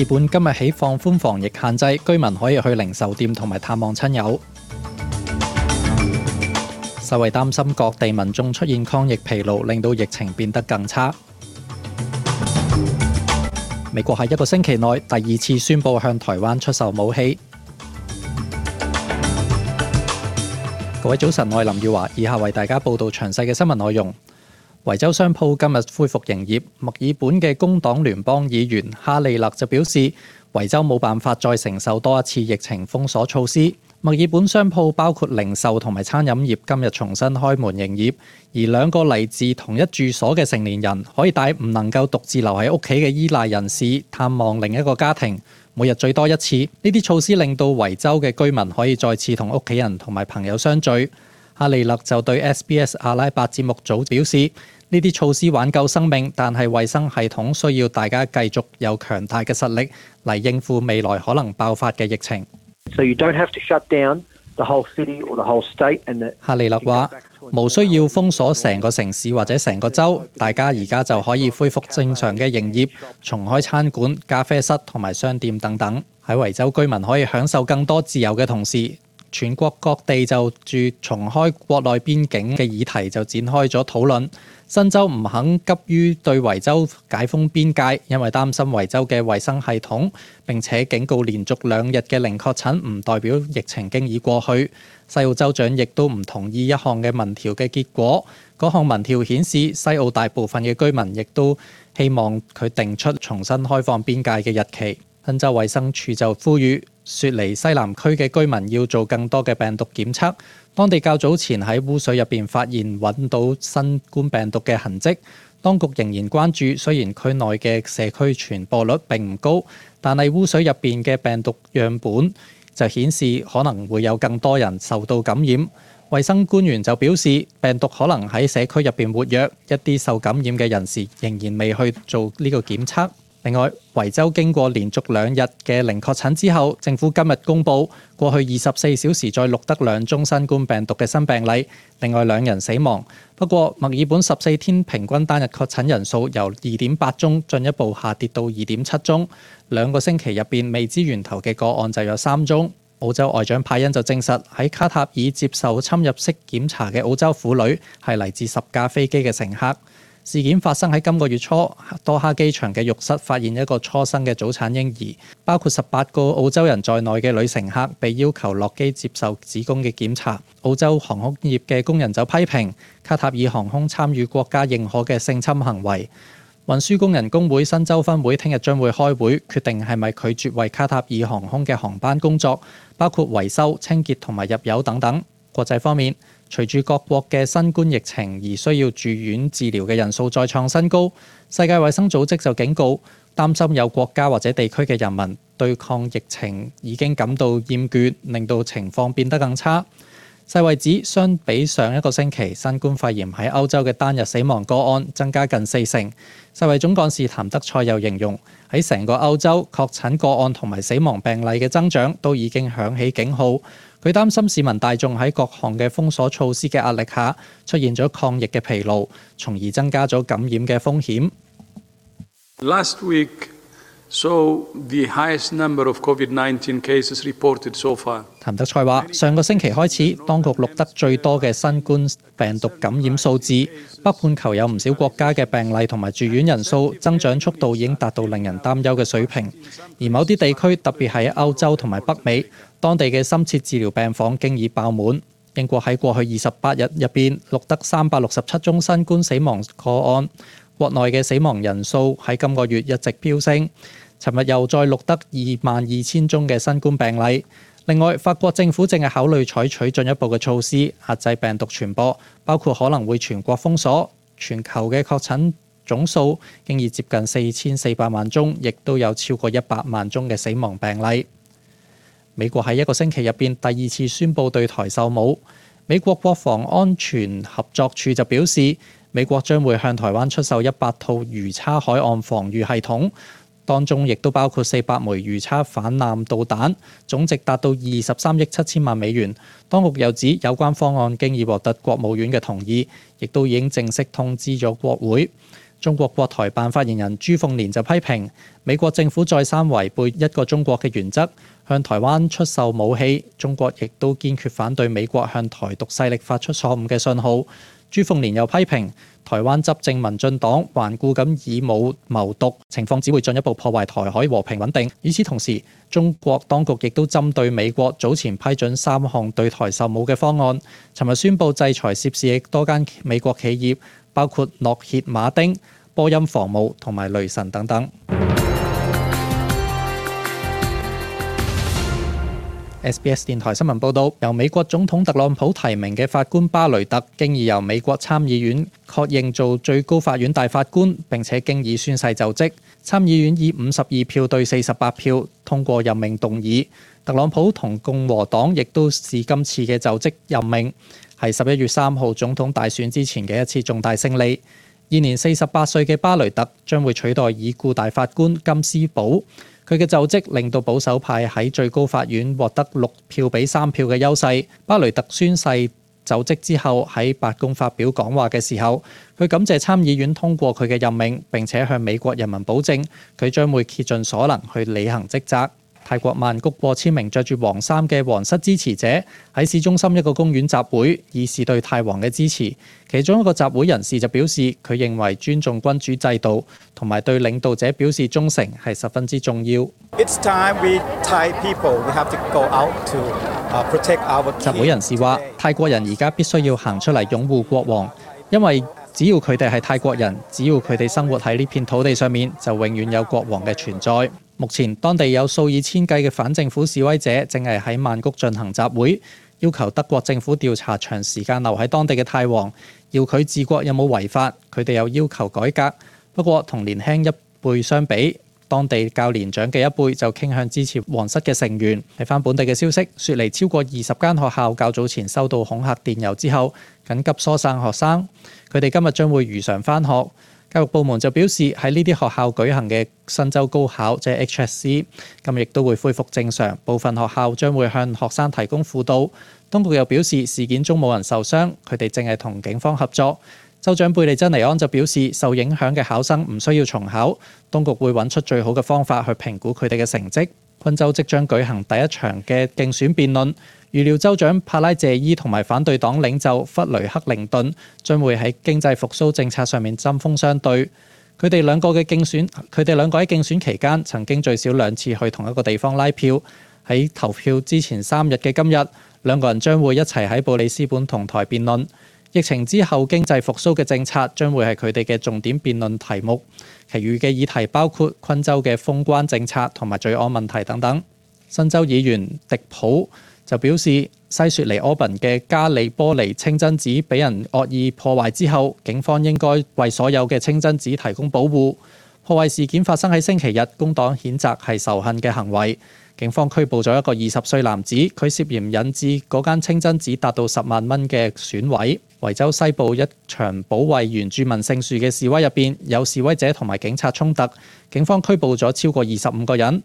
日本今日起放寬防疫限制，居民可以去零售店同埋探望親友。世衛擔心各地民衆出現抗疫疲勞，令到疫情變得更差。 美國喺一個星期內第二次宣布向台灣出售武器。 各位早晨，我係林耀華，以下為大家報道詳細嘅新聞內容。維州商鋪今日恢復營業。墨爾本嘅工黨聯邦議員哈利勒就表示，維州冇辦法再承受多一次疫情封鎖措施。墨爾本商鋪包括零售同埋餐飲業今日重新開門營業。而兩個嚟自同一住所嘅成年人可以帶唔能夠獨自留喺屋企嘅依賴人士探望另一個家庭，每日最多一次。呢啲措施令到維州嘅居民可以再次同屋企人同埋朋友相聚。哈利勒就對 SBS 阿拉伯節目組表示：呢啲措施挽救生命，但係衞生系統需要大家繼續有強大嘅實力嚟應付未來可能爆發嘅疫情。So you don't have to shut down the whole city or the whole state. 哈利勒話：無需要封鎖成個城市或者成個州，大家而家就可以恢復正常嘅營業，重開餐館、咖啡室同埋商店等等，喺維州居民可以享受更多自由嘅同時。全國各地就住重開國內邊境嘅議題就展開咗討論。新州唔肯急於對維州解封邊界，因為擔心維州嘅衛生系統。並且警告連續兩日嘅零確診唔代表疫情經已過去。西澳州長亦都唔同意一項嘅民調嘅結果。嗰項民調顯示西澳大部分嘅居民亦都希望佢定出重新開放邊界嘅日期。新州衛生署就呼籲，雪梨西南區嘅居民要做更多嘅病毒檢測，當地較早前喺污水入邊發現揾到新冠病毒嘅痕跡，當局仍然關注。雖然區內嘅社區傳播率並唔高，但係污水入邊嘅病毒樣本就顯示可能會有更多人受到感染。衛生官員就表示，病毒可能喺社區入邊活躍，一啲受感染嘅人士仍然未去做呢個檢測。另外，維州經過連續兩日嘅零確診之後，政府今日公布過去二十四小時再錄得兩宗新冠病毒嘅新病例，另外兩人死亡。不過，墨爾本十四天平均單日確診人數由二點八宗進一步下跌到二點七宗。兩個星期入邊未知源頭嘅個案就有三宗。澳洲外長派恩就證實喺卡塔爾接受侵入式檢查嘅澳洲婦女係嚟自十架飛機嘅乘客。事件發生喺今個月初，多哈機場嘅浴室發現一個初生嘅早產嬰兒，包括十八個澳洲人在內嘅女乘客被要求落機接受子宮嘅檢查。澳洲航空業嘅工人就批評卡塔爾航空參與國家認可嘅性侵行為。運輸工人工會新州分會聽日將會開會，決定係咪拒絕為卡塔爾航空嘅航班工作，包括維修、清潔同埋入油等等。國際方面。隨住各國嘅新冠疫情而需要住院治療嘅人數再創新高，世界衛生組織就警告，擔心有國家或者地區嘅人民對抗疫情已經感到厭倦，令到情況變得更差。世衞指，相比上一個星期，新冠肺炎喺歐洲嘅單日死亡個案增加近四成。世衞總幹事譚德塞又形容，喺成個歐洲，確診個案同埋死亡病例嘅增長都已經響起警號。佢擔心市民大眾喺各項嘅封鎖措施嘅壓力下，出現咗抗疫嘅疲勞，從而增加咗感染嘅風險。Last week So the highest number of COVID-19 cases reported so far. 譚德塞話：上個星期開始，當局錄得最多嘅新冠病毒感染數字。北半球有唔少國家嘅病例同埋住院人數增長速度已經達到令人擔憂嘅水平。而某啲地區，特別喺歐洲同埋北美，當地嘅深切治療病房經已爆滿。英國喺過去二十八日入邊錄得三百六十七宗新冠死亡個案。國內嘅死亡人數喺今個月一直飆升，尋日又再錄得二萬二千宗嘅新冠病例。另外，法國政府正係考慮採取進一步嘅措施壓制病毒傳播，包括可能會全國封鎖。全球嘅確診總數經已接近四千四百萬宗，亦都有超過一百萬宗嘅死亡病例。美國喺一個星期入邊第二次宣佈對台售武，美國國防安全合作處就表示，美國將會向台灣出售一百套魚叉海岸防禦系統，當中亦都包括四百枚魚叉反艦導彈，總值達到二十三億七千萬美元。當局又指有關方案經已獲得國務院嘅同意，亦都已經正式通知咗國會。中國國台辦發言人朱鳳蓮就批評美國政府再三違背一個中國嘅原則，向台灣出售武器。中國亦都堅決反對美國向台獨勢力發出錯誤嘅信號。朱鳳蓮又批評台灣執政民進黨頑固咁以武謀獨，情況只會進一步破壞台海和平穩定。與此同時，中國當局亦都針對美國早前批准三項對台售武嘅方案，尋日宣布制裁涉事多間美國企業，包括諾歇馬丁、波音防務同埋雷神等等。SBS 電台新聞報道，由美國總統特朗普提名嘅法官巴雷特，經已由美國參議院確認做最高法院大法官，並且經已宣誓就職。參議院以五十二票對四十八票通過任命動議。特朗普同共和黨亦都視今次嘅就職任命，係十一月三號總統大選之前嘅一次重大勝利。現年四十八歲嘅巴雷特將會取代已故大法官金斯堡，佢嘅就職令到保守派喺最高法院獲得六票比三票嘅優勢。巴雷特宣誓就職之後，喺白宮發表講話嘅時候，佢感謝參議院通過佢嘅任命，並且向美國人民保證，佢將會竭盡所能去履行職責。泰國曼谷過千名着住黃衫嘅皇室支持者喺市中心一個公園集會，以示對泰王嘅支持。其中一個集會人士就表示，佢認為尊重君主制度同埋對領導者表示忠誠係十分之重要。集會人士話：泰國人而家必須要行出嚟擁護國王，因為。只要佢哋係泰國人，只要佢哋生活喺呢片土地上面，就永遠有國王嘅存在。目前當地有數以千計嘅反政府示威者正係喺曼谷進行集會，要求德國政府調查長時間留喺當地嘅泰王，要佢治國有冇違法。佢哋又要求改革，不過同年輕一輩相比。當地較年長嘅一輩就傾向支持皇室嘅成員。睇返本地嘅消息，雪梨超過二十間學校較早前收到恐嚇電郵之後，緊急疏散學生。佢哋今日將會如常返學。教育部門就表示，喺呢啲學校舉行嘅新州高考，即係 HSC，今日亦都會恢復正常。部分學校將會向學生提供輔導。東部又表示，事件中冇人受傷，佢哋淨係同警方合作。州長貝利珍尼安就表示，受影響嘅考生唔需要重考，當局會揾出最好嘅方法去評估佢哋嘅成績。昆州即將舉行第一場嘅競選辯論，預料州長帕拉謝伊同埋反對黨領袖弗雷克靈頓將會喺經濟復甦政策上面針鋒相對。佢哋兩個嘅競選，佢哋兩個喺競選期間曾經最少兩次去同一個地方拉票。喺投票之前三日嘅今日，兩個人將會一齊喺布里斯本同台辯論。疫情之後經濟復甦嘅政策將會係佢哋嘅重點辯論題目。其餘嘅議題包括昆州嘅封關政策同埋罪案問題等等。新州議員迪普就表示，西雪尼奧賓嘅加利波利清真寺俾人惡意破壞之後，警方應該為所有嘅清真寺提供保護。破壞事件發生喺星期日，工黨譴責係仇恨嘅行為。警方拘捕咗一個二十歲男子，佢涉嫌引致嗰間清真寺達到十萬蚊嘅損毀。維州西部一場保衛原住民聖樹嘅示威入邊，有示威者同埋警察衝突，警方拘捕咗超過二十五個人。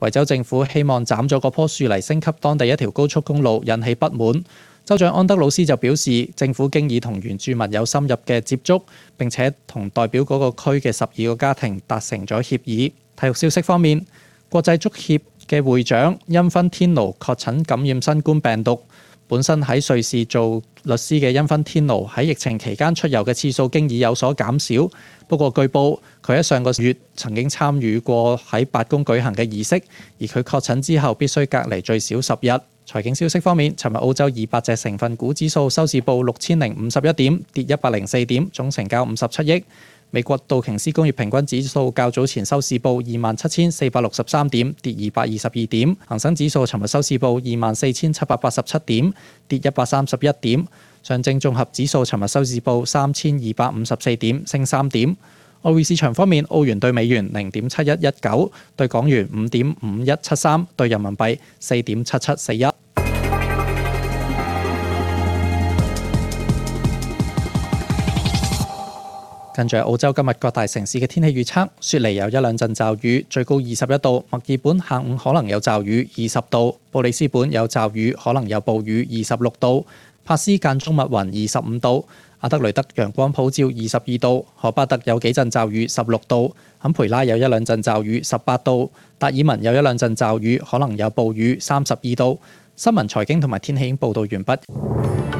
維州政府希望斬咗嗰棵樹嚟升級當地一條高速公路，引起不滿。州長安德魯斯就表示，政府經已同原住民有深入嘅接觸，並且同代表嗰個區嘅十二個家庭達成咗協議。體育消息方面，國際足協嘅會長因芬天奴確診感染新冠病毒，本身喺瑞士做律師嘅因芬天奴喺疫情期間出遊嘅次數經已有所減少，不過據報佢喺上個月曾經參與過喺白宮舉行嘅儀式，而佢確診之後必須隔離最少十日。財經消息方面，尋日澳洲二百隻成分股指數收市報六千零五十一點，跌一百零四點，總成交五十七億。美國道瓊斯工業平均指數較早前收市報二萬七千四百六十三點，跌二百二十二點。恒生指數尋日收市報二萬四千七百八十七點，跌一百三十一點。上證綜合指數尋日收市報三千二百五十四點，升三點。外匯市場方面，澳元對美元零點七一一九，對港元五點五一七三，對人民幣四點七七四一。跟住澳洲今日各大城市嘅天氣預測，雪梨有一兩陣驟雨，最高二十一度；墨爾本下午可能有驟雨，二十度；布里斯本有驟雨，可能有暴雨，二十六度；帕斯間中密雲，二十五度；阿德雷德陽光普照，二十二度；荷巴特有幾陣驟雨，十六度；坎培拉有一兩陣驟雨，十八度；達爾文有一兩陣驟雨，可能有暴雨，三十二度。新聞、財經同埋天氣已經報道完畢。